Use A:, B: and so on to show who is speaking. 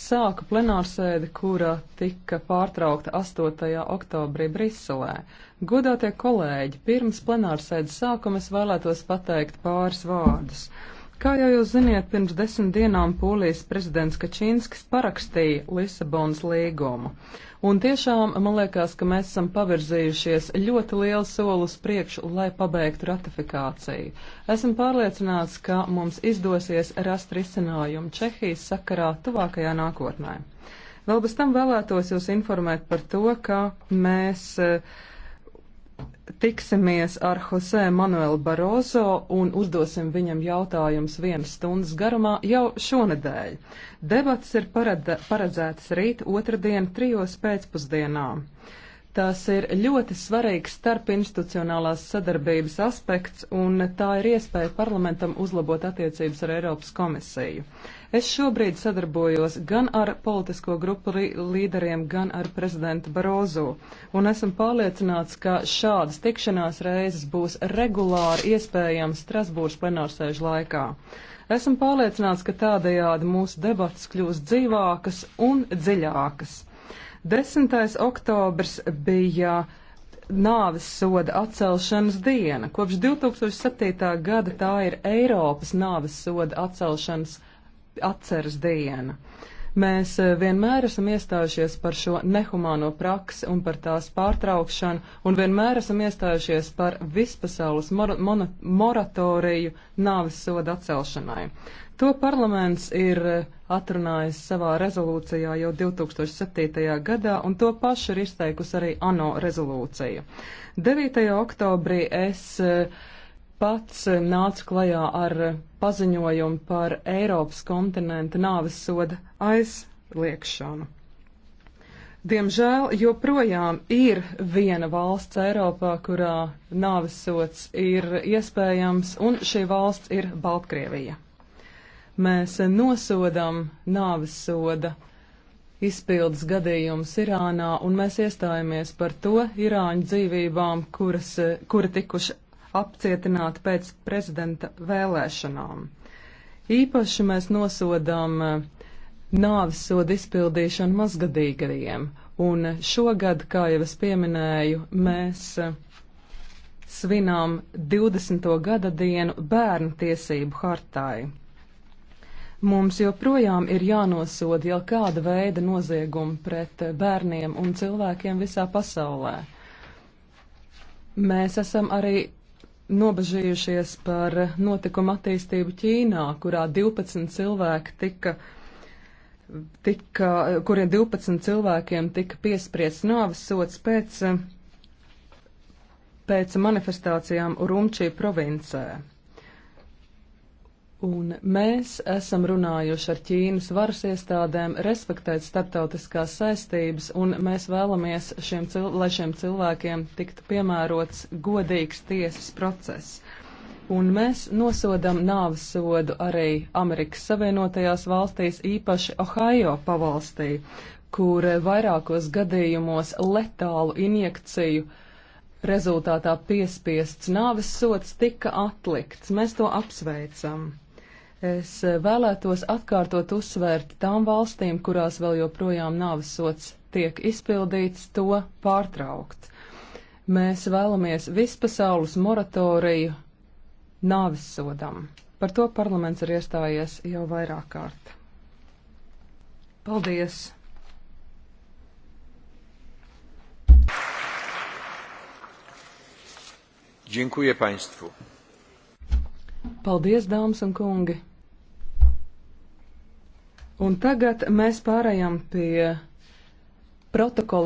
A: sāka plenārsēdi, kura tika pārtraukta 8. oktobrī Briselē. Godātie kolēģi, pirms plenārsēdes sākuma es vēlētos pateikt pāris vārdus. Kā jau jūs ziniet, pirms desmit dienām Polijas prezidents Kačīnskis parakstīja Lisabonas līgumu. Un tiešām man liekas, ka mēs esam pavirzījušies ļoti lielu soli uz priekšu, lai pabeigtu ratifikāciju. Esmu pārliecināts, ka mums izdosies rast risinājumu Čehijas sakarā tuvākajā nākotnē. Vēl bez tam vēlētos jūs informēt par to, ka mēs uh, tiksimies ar Jose Manuelu Barozo un uzdosim viņam jautājumus vienas stundas garumā jau šonadēļ. Debats ir paredzētas rīt otrdien trijos pēcpusdienā. Tas ir ļoti svarīgs starpinstitucionālās sadarbības aspekts, un tā ir iespēja parlamentam uzlabot attiecības ar Eiropas komisiju. Es šobrīd sadarbojos gan ar politisko grupu līderiem, gan ar prezidentu Barozu, un esam pārliecināts, ka šādas tikšanās reizes būs regulāri iespējams Strasbūras plenārsēžu laikā. Esam pārliecināts, ka tādējādi mūsu debatas kļūs dzīvākas un dziļākas. 10. oktobrs bija nāves soda atcelšanas diena. Kopš 2007. gada tā ir Eiropas nāves soda atcelšanas atceres diena. Uh, Mēs eh, vienmēr esam iestājušies par šo nehumāno praksi un par tās pārtraukšanu, un vienmēr esam iestājušies par vispasaules mor moratoriju nāves soda atcelšanai. To parlaments ir eh, atrunājis savā rezolūcijā jau 2007. gadā, un to pašu ir izteikusi arī ANO rezolūcija. 9. oktobrī es uh, pats eh, nāca klajā ar eh, paziņojumu par Eiropas kontinenta nāves soda aizliekšanu. Diemžēl joprojām ir viena valsts Eiropā, kurā nāvisots ir iespējams, un šī valsts ir Baltkrievija. Mēs eh, nosodam nāvisoda izpildes gadījums Irānā, un mēs iestājamies par to Irāņu dzīvībām, kuras, kura tikuši apcietināti pēc prezidenta vēlēšanām. Īpaši mēs nosodām eh, nāves sodu izpildīšanu mazgadīgajiem, un šogad, kā jau es pieminēju, mēs eh, svinām 20. gada dienu bērnu tiesību hartai. Mums joprojām ir jānosoda jau kāda veida noziegumi pret eh, bērniem un cilvēkiem visā pasaulē. Mēs esam arī nobežījušies par notikumu attīstību Ķīnā, kurā 12 cilvēki tika, tika kuriem 12 cilvēkiem tika piespriests nāves sots pēc, pēc manifestācijām Urumčī provincē. Un mēs esam runājuši ar Ķīnas varas iestādēm, respektēt starptautiskās saistības, un mēs vēlamies, šiem cil lai šiem cilvēkiem tiktu piemērots godīgs tiesas process. Un mēs nosodam nāves sodu arī Amerikas Savienotajās valstīs, īpaši Ohio pavalstī, kur vairākos gadījumos letālu injekciju rezultātā piespiests nāves sods tika atlikts. Mēs to apsveicam. Es vēlētos atkārtot uzsvērt tām valstīm, kurās vēl joprojām nāvesots tiek izpildīts, to pārtraukt. Mēs vēlamies vispasaules moratoriju nāvesodam. Par to parlaments ir iestājies jau vairāk kārt. Paldies! Dziękuję Państwu. Paldies, dāmas un kungi! Un tagad mēs pārējām pie protokola